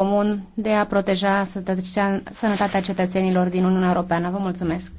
comun de a proteja sănătatea cetățenilor din Uniunea Europeană. Vă mulțumesc!